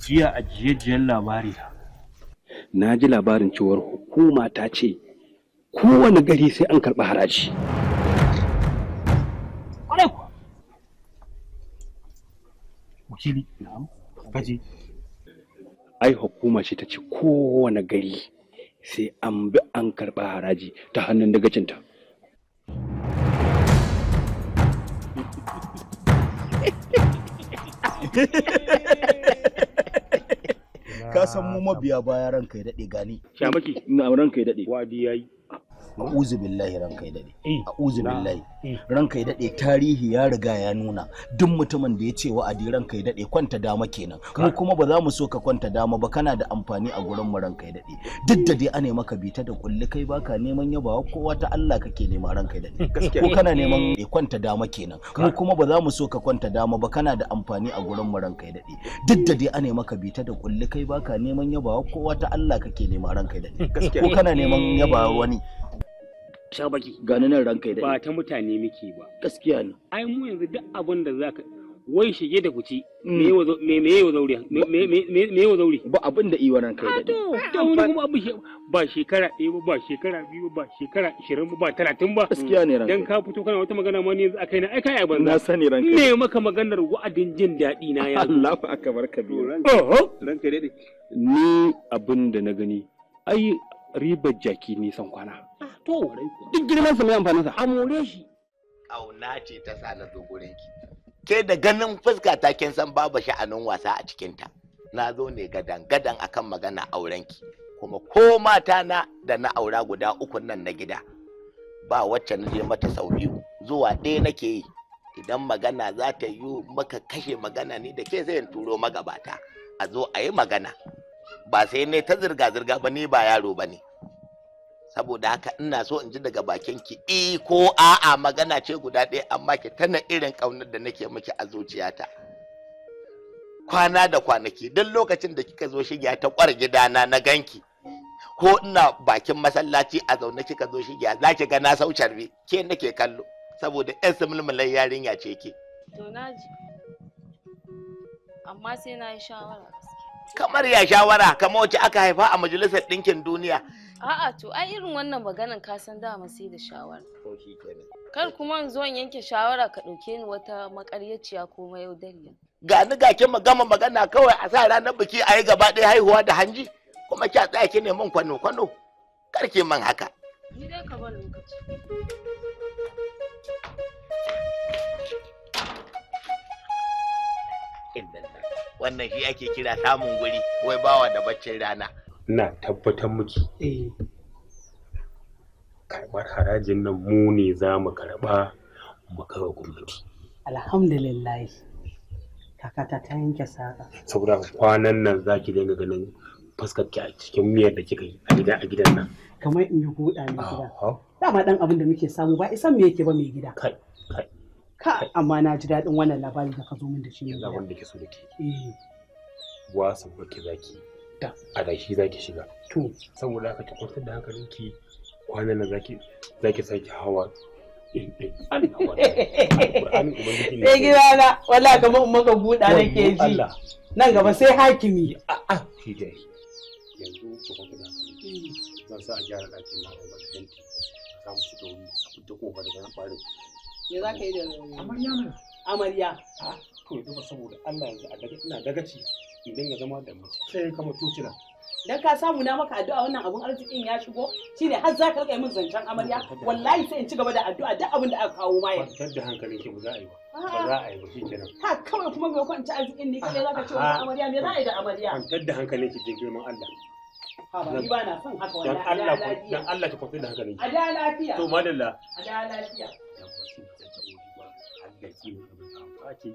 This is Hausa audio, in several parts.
jiya a jiyajiyar labari na ji labarin cewar hukuma ta ce kowane gari sai an karɓi haraji wakili kaji ai hukuma ce ta ce kowane gari sai an bi an karɓa haraji ta hannun dagacinta ka san mu mabiya bayan ranka ya daɗe gani shamaki ina ranka ya daɗe wadi yayi a'udhu billahi ran kai dade eh, a'udhu billahi eh. ran kai dade tarihi ya riga ya nuna duk mutumin da ya ce wa'adi ran kai dade kwanta dama kenan mu kuma ba za mu so ka kwanta dama ba kana da amfani a gurin mu ran kai dade duk da dai ane maka bita da kulli kai baka neman yabawa kowa ta Allah kake nema ran kai dade ko kana neman ya kwanta dama kenan mu kuma ba za mu so ka kwanta dama ba kana da amfani a gurin mu ran kai dade duk da dai ane maka bita da kulli kai baka neman yabawa kowa ta Allah kake nema ran kai dade ko kana neman yabawa wani sha baki gani nan ranka ya ba ta mutane muke ba gaskiya ne ai mu yanzu duk abin da zaka wai shige da kuci mm. me yawa me me yawa zauri me me me yawa zauri ba abin da iwa ranka ya to da wani kuma abu ba shekara ɗaya ba ba shekara biyu ba shekara 20 ba ba 30 ba gaskiya ne ranka dan ka fito kana wata magana ma ne yanzu akai na ai kai ai banza na sani ranka me maka maganar wa'adin jin daɗi na ya Allahu akbar kabira oho ranka dai dade ni abin da na gani ai ribar jaki ne san kwana To, duk girman sa mai amfanin sa. A more shi. ce ta sa na zo gurin ki. Ke da ganin fuska ta kin san babu sha'anin wasa a cikin ta. Na zo ne gadan gadan akan magana auren ki. Kuma ko mata na da na aura guda uku nan na gida. Ba wacce na je mata sau biyu zuwa ɗaya nake yi. Idan magana za ta yi maka kashe magana ni da ke zai turo magabata. A zo a yi magana. Ba sai ne ta zirga-zirga ba ni ba yaro ba ne. saboda haka ina so in ji daga bakin ki e eh ko a'a magana ce guda ɗaya amma ki tana irin ƙaunar da nake miki a zuciyata kwana da kwanaki duk lokacin da kika zo shiga ta kwar gidana na ganki ko ina bakin masallaci a zaune kika zo shiga za ki ga na saucar bi ke nake kallo saboda yan sumulmulan yarinya ce ke to naji amma sai na yi shawara kamar ya shawara kamar wacce aka haifa a majalisar ɗinkin duniya A'a to ai irin wannan maganan ka san dama sai da shawara. To shi Kar kuma in zo in yanke shawara ka ɗauke ni wata makaryaciya ko mayaudariya. Ga ni ga kin gama magana kawai a sa ranar biki a yi gaba ɗaya haihuwa da hanji kuma kya tsaya ki neman kwano kwano kar ki man haka. Ni dai ka bar lokaci. Wannan shi ake kira samun guri wai bawa da baccin rana. ina tabbatar miki eh. karɓar harajin nan mu ne za mu karɓa mu kawo gwamnati alhamdulillah kakata ta yanke saƙa saboda kwanan nan za ki dinga ganin fuskar ki a cikin miyar da kika yi a gidan a gidan nan kamar in yi huda mai gida dama dan abin da muke samu ba isan me yake ba mai gida kai kai ka amma na ji daɗin wannan labari da ka zo min da shi yanzu abin da ke so da ke eh. wasan ki zaki ta adashi zaki shiga to saboda haka ki kwantar da ki kwanan nan zaki zaki saki hawa Sai gida na wala gaba in maka buɗa ke ji nan gaba sai hakimi. A'a shi dai yanzu ku kwantar da hankali zan sa a gyara ɗakin na a mata fenti a samu su da wuri a fita kofa daga nan ɓarin. Me za ka yi da Amarya mana. Amarya. To yanzu saboda Allah yanzu a daga ina dagaci. in dinga zama da mace sai ka mutu kira. dan ka samu na maka addu'a wannan abun arzikin ya shigo shine har za ka rika min zancen amarya wallahi sai in ci gaba da addu'a duk abin da aka kawo ma yau kwantar da hankalin ki ba za a yi ba ba za a yi ba shikenan ka kawai kuma bai kwanci arzikin ne kai za ka ce wannan amarya me za a yi da amarya kwantar da hankalin ki da girman Allah Haba, ni ba na son haka wallahi. Dan Allah dan Allah ki kwantar da hankalin ki. A da lafiya. To madalla. A da lafiya. Allah ki ne ka ba ki.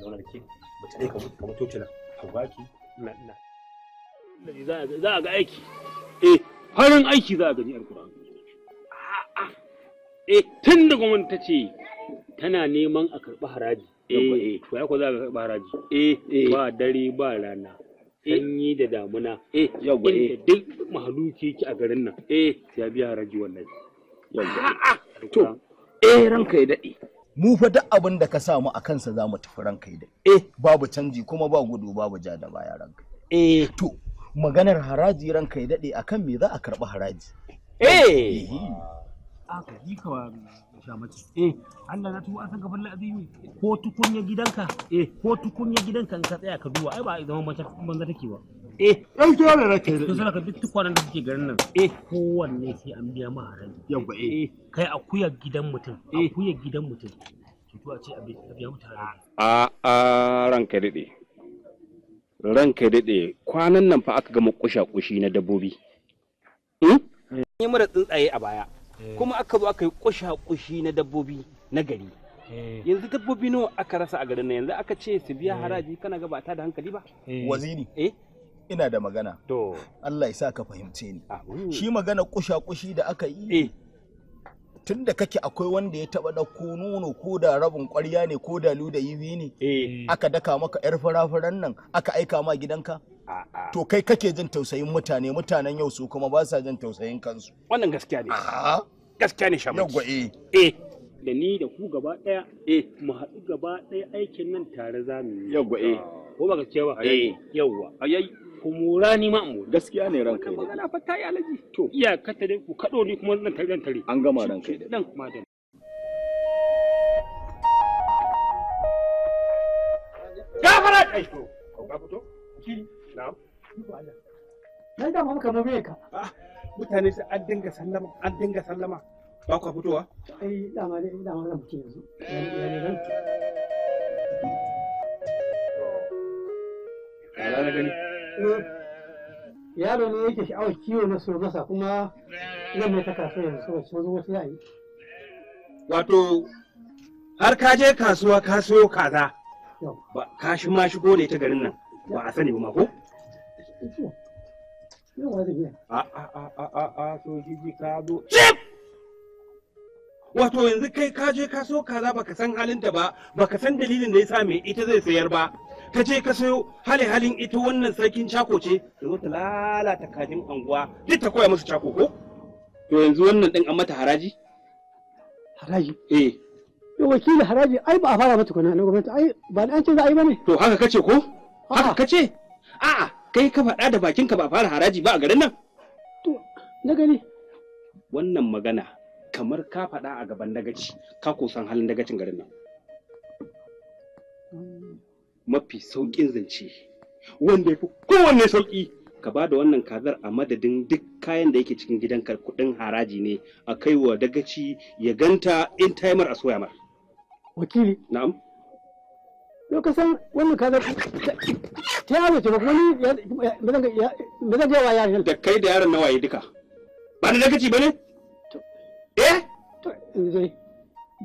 Zauna ki. Mutane ka mutu ka mutu ku baki za a ga aiki eh farin aiki za a gani alkur'ani eh tun da gwamnati ta ce tana neman a karɓi haraji eh. eh to ya ko za a karɓi haraji eh, eh ba dare ba rana eh. sanyi da damuna eh yawa eh duk mahaluki ki a garin nan eh ya biya haraji wannan. yawa to eh ranka ya daɗe mu fa duk abin da ka samu a kansa za mu tafi ranka da eh babu canji kuma ba gudu babu ja da baya ranka eh to maganar haraji ranka ya dade akan me za a karɓi haraji eh aka yi kawa sha mace eh Allah na tuwa san gaban azimi ko tukunya gidanka eh ko tukunya gidanka in ka tsaya ka duba ai ba zaman ban banza take ba eh yan kira da rake da sai ka duk kwanan da suke garin nan eh kowanne sai an biya ma haraji yawa eh. eh kai akuyar gidan mutum eh. akuyar gidan mutum to a ce a biya mutum haraji a a ranka dade ranka dade kwanan nan fa aka gama kusha kushi na dabbobi eh yi mara tsuntsaye a baya eh. kuma aka zo aka yi kusha kushi na dabbobi na gari yanzu dabbobi nawa aka rasa a garin nan yanzu aka ce su biya haraji kana ga ba ta da hankali ba waziri eh ina da magana to Allah ya sa ka fahimce ni shi magana kusha kushi da aka yi eh. tun da kake akwai wanda ya taba ɗauko nono ko da rabin ƙwarya ne ko da luda yiwi ne eh. aka daka maka yar fara nan aka aika ma gidanka to kai kake jin tausayin mutane mutanen yau su kuma ba sa jin tausayin kansu wannan gaskiya ne gaskiya ne shamaki Yagwa eh eh da ni da ku gaba daya eh mu haɗu gaba daya aikin nan tare zamu yi yawwa eh ko ba gaskiya ba eh yawwa ayi ku mura ni ma mu gaskiya ne ranka ne magana fa alaji to iya kata dai ku kado ni kuma zan tare tare an gama ranka ne dan kuma gafara kai to ka fito ki na'am nan da me ka mutane sai an dinga sallama an dinga sallama ba ku fitowa ai dama ne dama zan yanzu eh. ne yaro ne yake sha'awar kiwo na so masa kuma zan mai ta kasuwa yanzu saboda sun zo wata za wato har ka je kasuwa ka siyo kaza ba ka shi ma shigo ne ta garin nan ba a sani ba ma ko a a a a a so jiji ka zo chip wato yanzu kai ka je kasuwa so kaza baka san halin ta ba baka san dalilin da ya sa me ita zai sayar ba ka je ka sayo hali halin ita wannan sarkin cako ce da zo ta lalata kafin anguwa duk ta koya musu cako ko to yanzu wannan din an mata haraji haraji eh to wakili haraji ai ba a fara mata kuna na gwamnati ai ba an ce za a yi bane to haka kace ko haka kace a'a kai ka faɗa da bakinka ba a fara haraji ba a garin nan to na gani wannan magana kamar ka faɗa a gaban dagaci ka kusan halin dagacin garin nan hmm. mafi sauƙin zance wanda ya fi kowanne sauƙi ka ba da wannan kazar a madadin duk kayan da yake cikin gidanka kuɗin haraji ne a kai wa dagaci ya ganta in taimar a soya mar. wakili na'am yau ka san wannan kazar ta yawo ce ba kuma ni me zan gaya yaron da kai da yaron nawaye duka ba da dagaci ba ne eh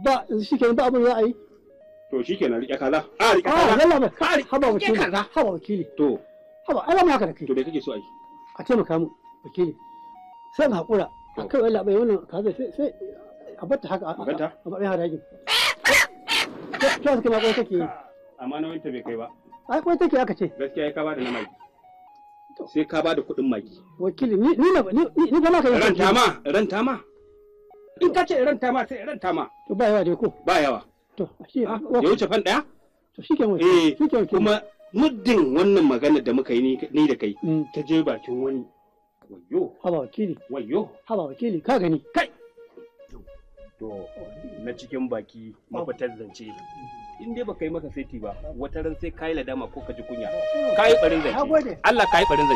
ba shi kenan ba abin za a yi to shi kenan riƙe kaza a riƙe ah, kaza a yalla mai haba wakili haba wakili to haba ai ba haka da kai to me kake so ai a taimaka mu wakili sai in hakura. a kai wani wannan kaza sai sai a batta haka a batta a batta haka yake to suke ma kwai take amma na wanta bai kai ba ai kwai take aka ce gaskiya ka ba da namaki sai ka ba da kuɗin maki wakili ni ni ni ba ma kai ranta ma ranta ma in ka ce ranta ma sai ranta ma to ba yawa dai ko ba yawa To, ah, ya wuce fan ɗaya? To, shi kenan Eh, kuma muddin wannan magana da muka yi ni da kai mm. ta je bakin wani. Wayo. Haba wakili. Wayo. Haba wakili, ka gani. Kai. To, na cikin baki mafitar zance. In dai baka yi maka seti ba, wata ran sai ka yi ladama ko ka ji kunya. Ka yi zance. Allah ka yi zance.